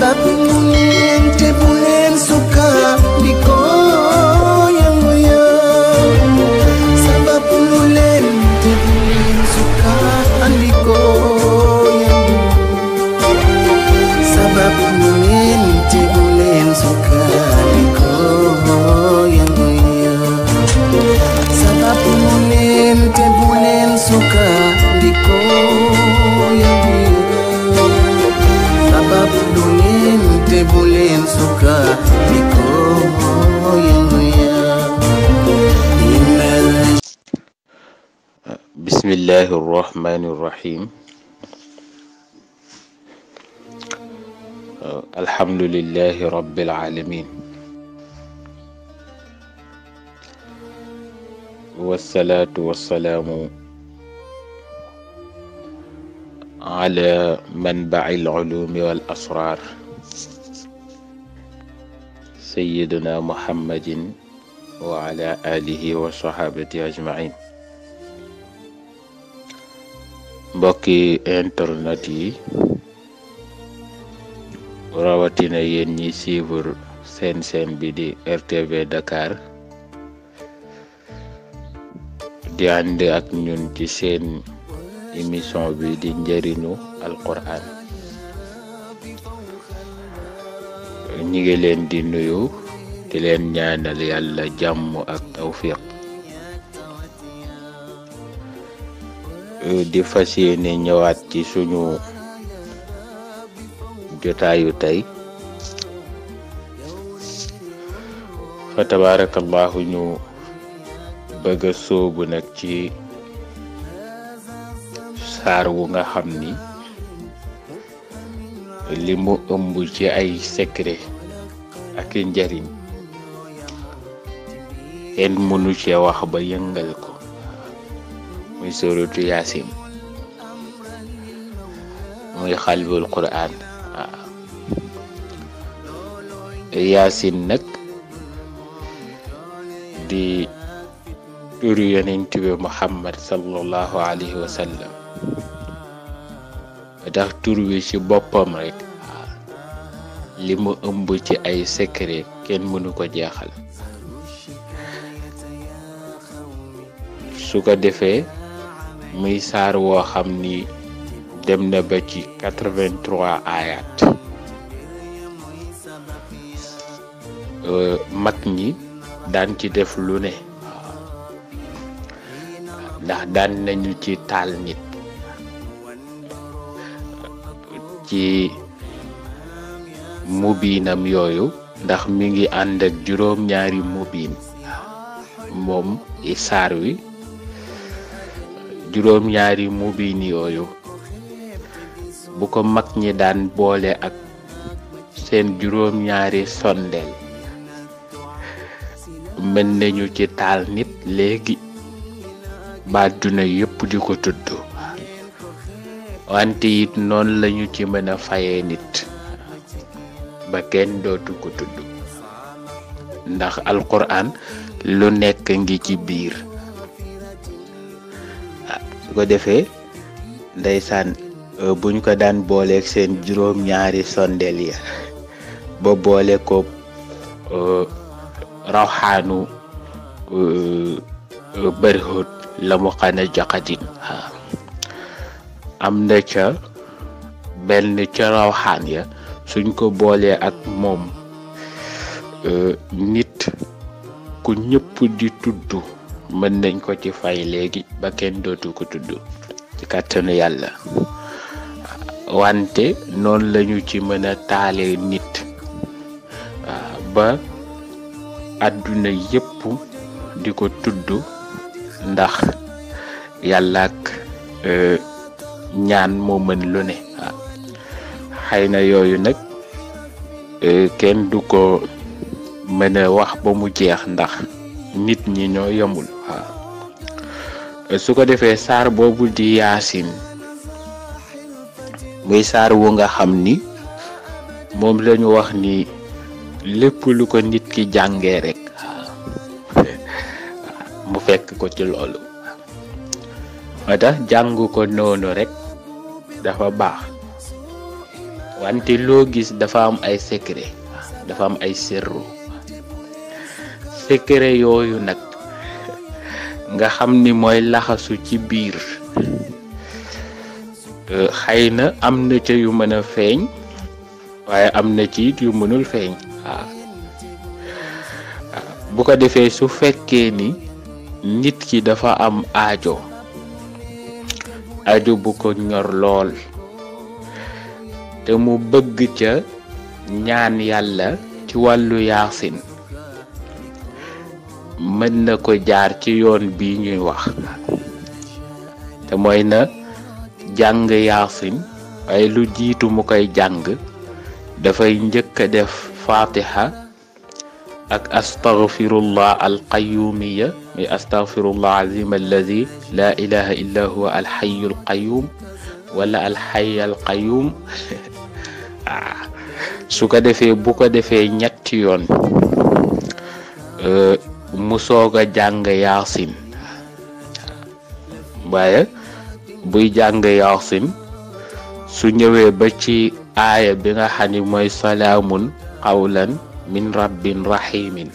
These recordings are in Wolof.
Adat mungkin cepulen supaya بسم الله الرحمن الرحيم الحمد لله رب العالمين والصلاة والسلام على منبع العلوم والأسرار سيدنا محمد وعلى آله وصحابته أجمعين mbokki internet yi rawatina yéen ñi sivur sen sen bi di RTV Dakar di ànd ak ñun ci sen émission bi di njëriñu alquran ñi ngi leen di nuyu di leen ñaanal yàlla jàmm ak tawfiq di fas yéene ñëwaat ci suñu jotaayu tey fa tabaarakallaahu ñu bëgg a nag ci saar wu nga xam ni limu mu ëmb ci ay secret ak i njariñ kenn mënu cee wax ba yëngal ko muy sóoratu yaasin muy xalbul quraan waaw yaasin nag di turu yonent bi muhammad sallallahu alayhi wa sallam tax tur wi ci boppam rek li mu ëmb ci ay secret kenn mënu ko jeexal su ko defee muy saar woo xam ni dem na ba ci quatre vingt euh, ñi daan ci def lu ne ndax daan nañu ci taal nit ci mu biinam yooyu ndax mi ngi ànd ak juróom ñaari mubiin moom saar wi juróom-ñaari mubin yooyu bu ko mag ñi daan boole ak seen juróom-ñaari sondeel mën nañu ci taal nit léegi ba àdduna yépp di ko tudd wante it noon lañu ci mën a fayee nit ba kenn dootu ko tudd ndax alquran lu nekk ngi ci biir su ko defee ndeysaan euh, bu ñu ko daan booleeg seen juróom-ñaari sondeel ya ba boole ko euh, rawxaanu euh, bërihut la mu xana joxatin am na ca benn ca rawxaan ya suñ ko boolee ak moom nit ku ñëpp di mën nañ ko ci fay léegi ba kenn dootu ko tudd ci kàttanu yàlla wante noonu lañu ci mën a taalee nit ba àdduna yépp di ko tudd ndax yàlla ak e, ñaan moo mën lu ne xëy na yooyu nag e, kenn du ko mën a wax ba mu jeex ndax nit ñi ñoo yemul su ko defee saar boobu di yaasin muy saar wu nga xam ni moom lañu wax ni lépp lu ko nit ki jàngee rek mu fekk ko ci loolu ata ko noonu rek dafa baax wante loo gis dafa am ay secret dafa am ay serru secret yooyu nag nga xam ni mooy laxasu ci biir euh, xëy na am na ca yu mën a feeñ waaye am na ci yu mënul feeñ waaw bu ko defee su fekkee ni nit ki dafa am ajo ajo bu ko ñor lool te mu bëgg ca ñaan yàlla ci wàllu yaasin mën na ko jaar ci yoon bi ñuy wax te mooy na jàng yaasin waaye lu jiitu mu koy jàng dafay njëkk a def fatiha ak astaghfirullah alqayumiya muy astaghfirullah azim alladi laa ilaha illa huwa alxayu alqayum wala alxay alqayum ah, su ko defee bu ko defee ñetti yoon euh, mu soog a jàng yasin waaye buy jàng yasin su ñëwee ba ci aaya bi nga xam ni mooy salaamun xawlan min rabbin rahimin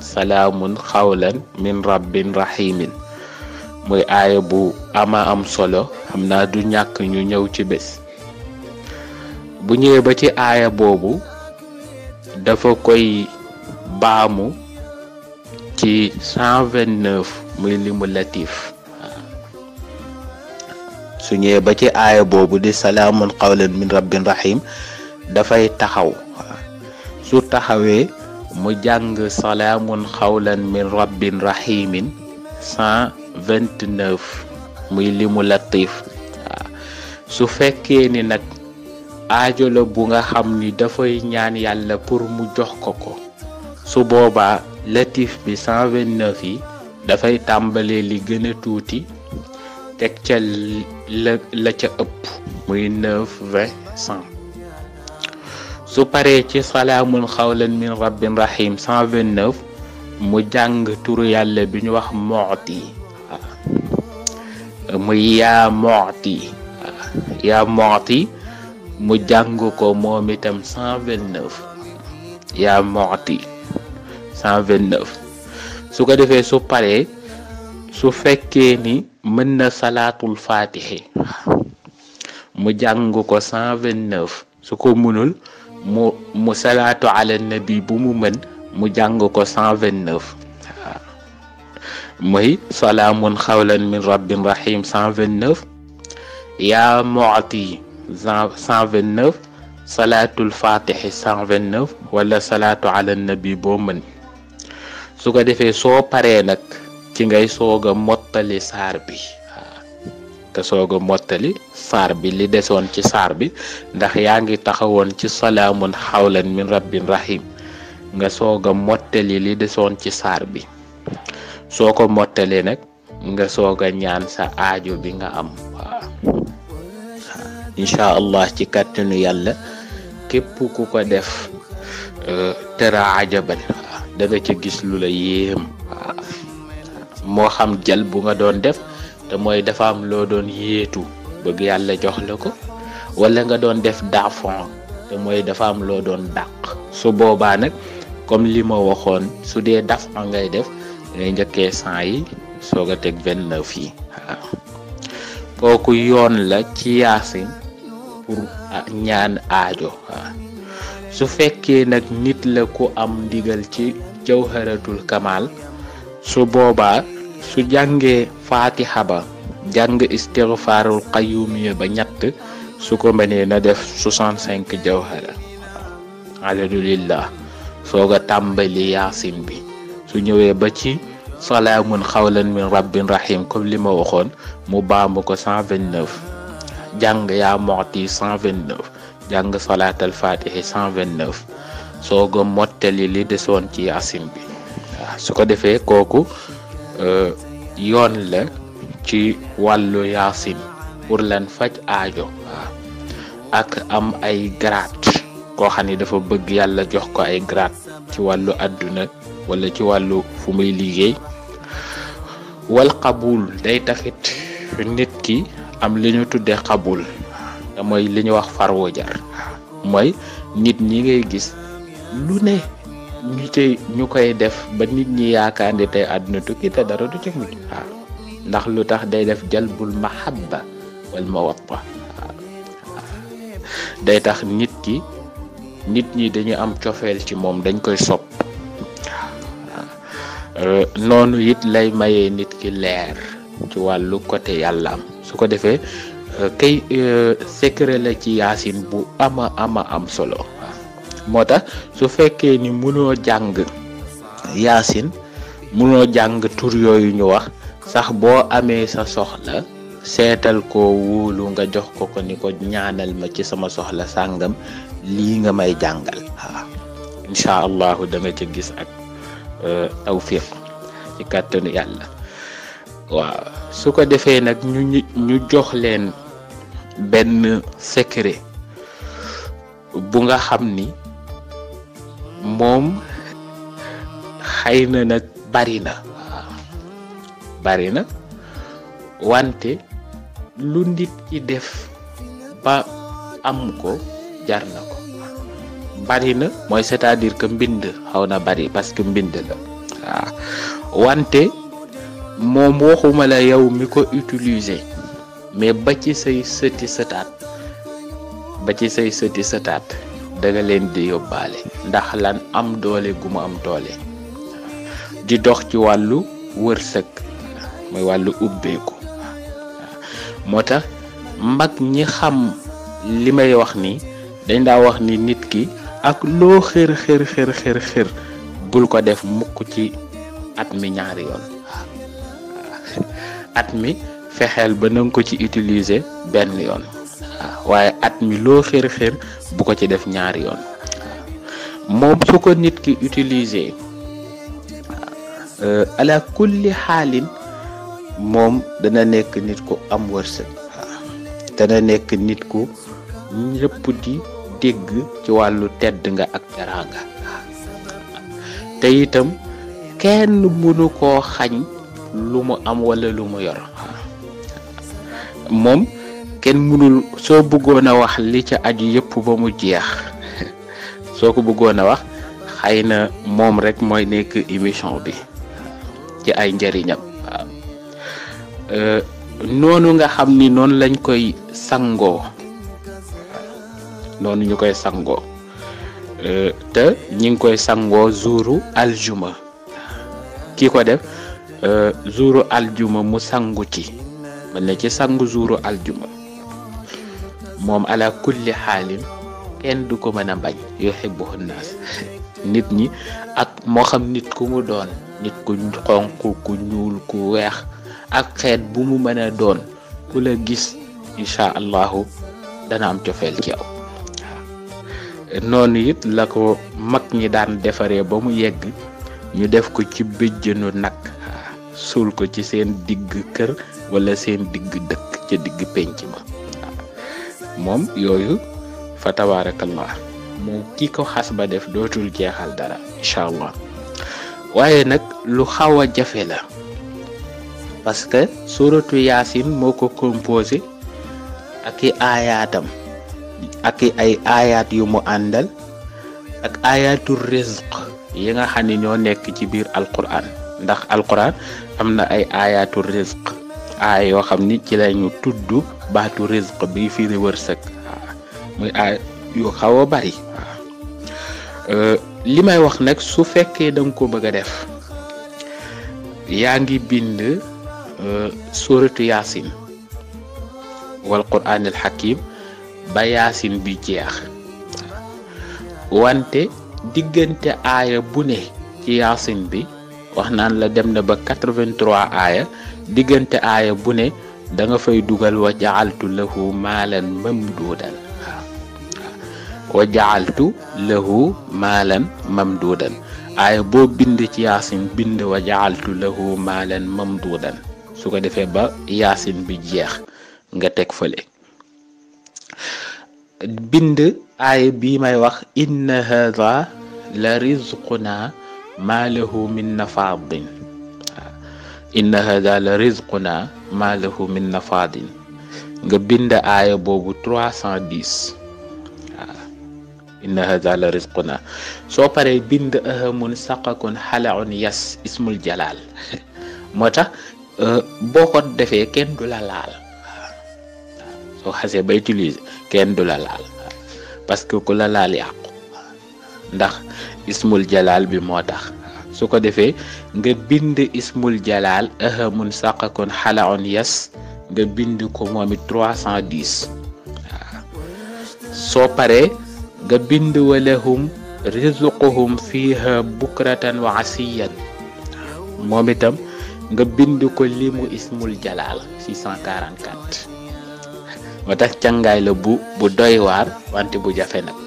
salaamun xawlan min rabbin rahimin muy aaya bu ama am solo xam naa du ñàkk ñu ñëw ci bés bu ñëwee ba ci aaya boobu dafa koy baamu ci cent vingt muy limu su ñëwee ba ci aaya boobu di salaamun qawlan min rabbin rahim dafay taxaw su taxawee mu jàng salaamun qawlan min rabbin rahimin cent vingt neuf muy limu latif su fekkee ni nag aajo la bu nga xam ni dafay ñaan yàlla pour mu jox ko ko su boobaa latif bi 129 yi dafay tàmbalee li gën a tuuti teg ca la ca ëpp muy su paree ci salaamun xawlan min rabbin rahim mu jàng turu yàlla bi ñu wax mooti waaw yaa mooti mu jàng ko moom itam yaa mooti 129 su ko defé su paré su fekkee ni mën salatul salaatul mu jàng ko 129 su ko munul mu salatu ala nabi bu mu mën mu jàng ko 129 moy salamun khawlan min rabbin rahim 129 ya mu'ti 129 salaatul faatihi 129 wala salaatu ala nabi boo mën su ko defé soo paré nak ci ngay soga motali sar bi ta soga motali sar bi li déssone ci sar bi ndax yaangi ci salamun hawlan min rabbin rahim nga soga motali li déssone ci sar bi soko ko nak nga soga ñaan sa aaju bi nga am insha allah ci kàttanu yalla kep ku ko def euh, tëra ajabal danga nga ca gis lu la yéem moo xam jal bu nga doon def te mooy dafa am loo doon yéetu bëgg yàlla jox la ko wala nga doon def daafon te mooy dafa am loo doon dàq su boobaa nag comme li ma waxoon su dee daafon ngay def ngay njëkkee cent yi soog a teg vingt neuf yi waaw yoon la ci yaasin pour ah, ñaan aajo waaw su fekkee nag nit la ku am ndigal ci jawharatul kamal su boobaa su jàngee faatiha ba jàng istigfaarul qayumiya ba ñett su ko mënee na def 65 jawhara alhamdulillah soog a tàmbali yaasin bi su ñëwee ba ci salaamun xawlan min rabbin rahim comme li ma waxoon mu baamu ko 129 jàng yaa moxti 129 jàng salaatal faatihi 129 soog a mottali li desoon ci asim bi su ko defee kooku euh, yoon la ci wàllu yaasin pour leen faj aajo ak am ay grade koo xam ni dafa bëgg yàlla jox ko ay grade ci wàllu àdduna walla ci wàllu fu muy liggéey wal xabul day taxit nit ki am li ñu tuddee xabul moy li wax farwo jar moy nit ñi ngay gis lu ne ñu def ba nit ñi yaakaande tay aduna tukki ta dara du ci mu ndax lutax day def jalbul mahabba wal mawatta day tax nit ki nit ñi dañu am ciofel ci mom dañ koy sop euh, nonu yit lay maye nit ki leer ci walu côté yalla su ko defee kay euh, secret la ci yaasin bu ama ama am solo moo tax su fekkee ni mënoo jàng yaasin mënoo jàng tur yooyu ñu wax sax boo amee sa soxla seetal ko wóolu nga jox ko ko ni ko ñaanal ma ci sama soxla sàngam lii nga may jàngal waaw incha allahu da nga gis ak euh, tawfiq ci kàttanu yàlla waaw su ko defee nag ñu jox leen benn secret bu nga xam ni moom xëy na nag bari na bari na wante lu nit ki def ba am ko jar na ko bari na mooy c'est-à-dire que mbind xaw na bari parce que mbind la waaw wante moom waxuma la yow mi ko utiliser mais ba ci say seuti setat ba ci say seuti setat da nga len di yobale ndax lan am doole guma am doole di dox ci walu wërsëg moy walu ubbeeku motax mbak ñi xam limay wax ni dañ da wax ni nit ki ak lo xer xer xer xer xer bul ko def mukk ci at mi ñaari yoon at mi fexeel ba na ko ci utiliser benn yoon waaye at mi loo xër xër bu ko ci def ñaari yoon moom su ko nit ki utiliser ala kulli xaalin moom dana nekk nit ku am wërsëg dana nekk nit ku ñëpp di dégg ci wàllu tedd nga ak teraanga te itam kenn mënu koo xañ lu mu am walla lu mu yor moom kenn mënul soo bëggoon a wax li ci aju yëpp ba mu jeex soo ko bëggoon a wax xëy na moom rek mooy nekk émission bi ci ay njariñam waaw euh, noonu nga xam ni noonu lañ koy sangoo noonu ñu koy sangoo euh, te ñi ngi koy sangoo zuuru aljuma kii ko def euh, zuuru aljuma mu sangu ci. wala ci sangu juuru aljuma moom ala kulli xaalin kenn du ko mën a bañ yuhibbuhu naas nit ñi ak moo xam nit ku mu doon nit ku xonq ku ñuul ku weex ak xeet bu mu mëna doon ku la gis incha allahu dana am cofeel ci yow noonu it la ko mag ñi daan defaree ba mu yegg ñu def ko ci béjjënu nag suul ko ci seen digg kër wala seen digg dëkk ca digg penc ma moom yooyu fa tabaarakallah moom ki ko xas ba def dootul jeexal dara incha allah waaye nag lu xaw a jafe la parce que suratu yaasin moo ko composé ak i aayaatam ak i ay ayaat yu mu àndal ak aayaatul rizq yi nga xam ni ñoo nekk ci biir alquran ndax alquran am na ay aayaatul rizq aay yoo xam ni ci la ñu tudd baatu risq bi firi wërsëg waaw muy aay yu xaw a bari euh, li may wax nag su fekkee danga ko bëgg a def yaa ngi bind euh, suratu yaasin wal quraan al hakim ba yaasin bi jeex wante diggante aaya bu ne ci yaasin bi wax naan la dem na ba 83 aaya digënte aya bu ne da nga fay duggal wa jaaltu lahu malan mamdudan wa jaaltu lahu malan mamdudan aya bo bind ci yasin bind wa jaaltu lahu malan mamdudan su ko defé ba yasin bi jeex nga tek fële bind aya bi may wax inna hadha la rizquna ma lahu min nafaadin إن هذا لرزقنا ما له من نفاد غبند آية بوبو 310 آه. إن هذا لرزقنا سو باري بند أهمون ساقكون حلعون يس اسم الجلال موتا أه، بوكو دفي كين دولا لال آه. سو حسي بيتوليز كين دولا لال باسكو كولا لال ياقو ndax ismul jalal bi motax su ko defee nga bind ismul jalaal ahamun saqakun xalaon yas nga bind ko moom it 310 waaw soo paree nga bind walahum rizuquhum fiha bukratan wa asiyan moom itam nga bind ko limu ismul jalaal 644 moo tax càngaay la bu bu doy waar wante bu jafe nag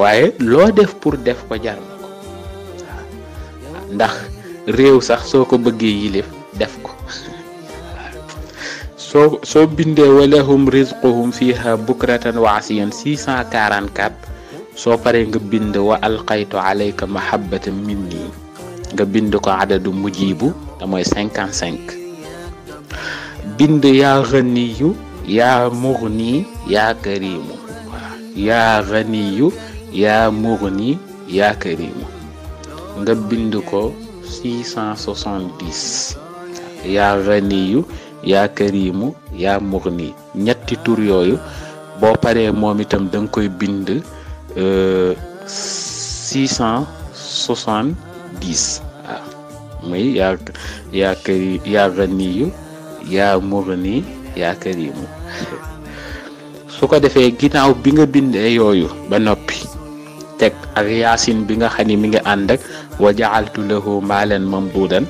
waaye loo def pour def ko jar ndax réew sax soo ko bëggee yilif def ko soo soo bindee walahum rizquhum fiha bukratan wa asiyan soo paree nga bind wa alqaytu alayka mahabbatan minni nga bind ko adadu mujibu te mooy bind yaa xaniyu yaa muxni yaa karimu yaa xaniyu yaa muxni yaa karimu nga bind ko 670 yaa ganiyu yaa yaa mugni ñetti tur boo paree moom itam da koy bind 670 euh, waaw muy yaa yaa kari yaa ganiyu yaa yaa karimu su ko defee ginnaaw bi nga bindee yooyu ba noppi teg ak yaasin bi nga xam ni mi ngi ànd ak وجعلت له مالا ممدودا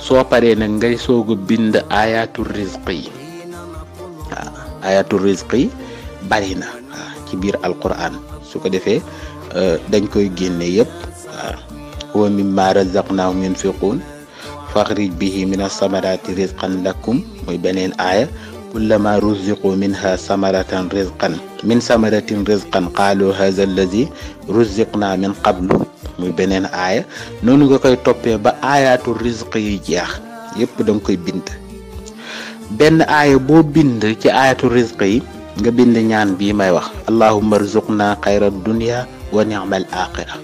سو باري نك غاي سوغ بيند ايات الرزق ايات الرزق بارينا كي بير القران سو كو ديفه دنج كوي генي ييب هو مما رزقناهم ينفقون فاخرج به من الثمرات رزقا لكم موي بنين ايه كلما رزقوا منها ثمرة رزقا من ثمرة رزقا قالوا هذا الذي رزقنا من قبل muy benen aya nonu nga koy topé ba ayatu rizq yi jeex yépp dang koy bind ben aya bo bind ci ayatu rizq yi nga bind ñaan bi may wax allahumma rzuqna khayra dunya wa ni'mal akhirah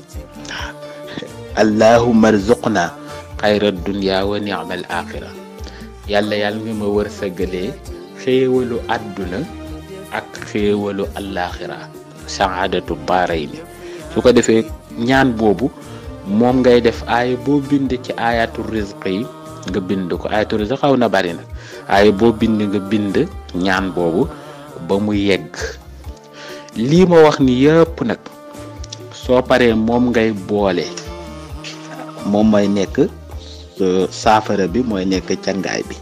allahumma rzuqna khayra dunya wa ni'mal akhirah yàlla yàlla ngi ma wërsëgalee xéewalu aduna ak xéewalu al al-akhirah saadatu barayni su ko defee ñaan boobu moom ngay def aaya boo bind ci aayatu risq yi nga bind ko aayatu risq xaw na bari nag aaya boo bind nga bind ñaan boobu ba mu yegg lii ma wax ni yëpp nag soo paree moom ngay boole moom mooy nekk euh, saafara bi mooy nekk cangaay bi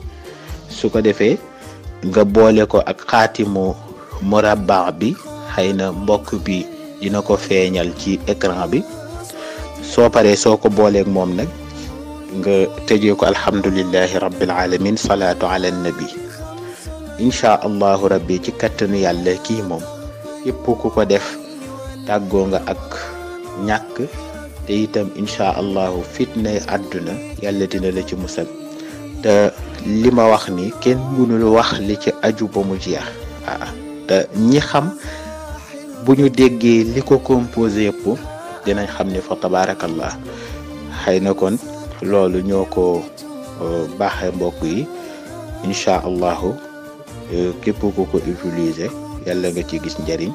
su ko defee nga boole ko ak xaatimu murabba bi xëy na mbokk bi dina ko feñal ci écran bi so paré soo ko ak mom nak nga tejé ko alhamdulillahi rabbil alamin salatu ala nabi insha allah rabbi ci kattanu yàlla ki mom képp ku ko def taggo nga ak ñak te itam insha allah fitna aduna yàlla dina la ci musal te lima wax ni kenn mënul wax li ci aju ba mu jeex ah te ñi xam bu ñu déggee li ko composé yëpp dinañ xam ne fa tabaarakallah xëy na kon loolu ñoo ko euh, baaxee mbokk yi incha allahu euh, képp ku ko utiliser yàlla nga ci gis njariñ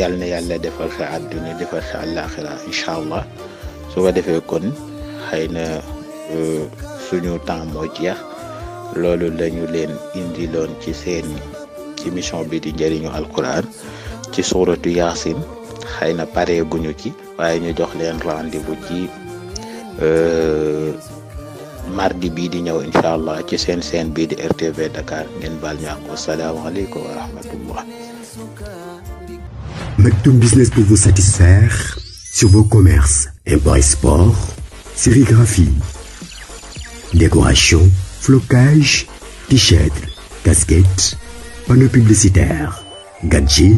yàlla na yàlla defar sa àdduna defal sa àllaaxira incha allah su ko defee kon xëy na euh, suñu temps moo jeex loolu lañu leen indi loon ci seen émission bi di njëriñu alquran ci suuratu yasin guñu ci ñu jox rendez-vous ci euh, mardi di Inshallah, RTV Dakar Business Pour vous satisfaire sur vos commerces, import sport, sérigraphie, décoration, flocage, t-shirt, casquette, Panneau publicitaire gadget.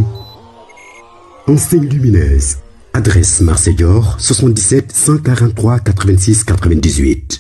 Enseigne lumineuse. Adresse Marseillor 77 143 86 98.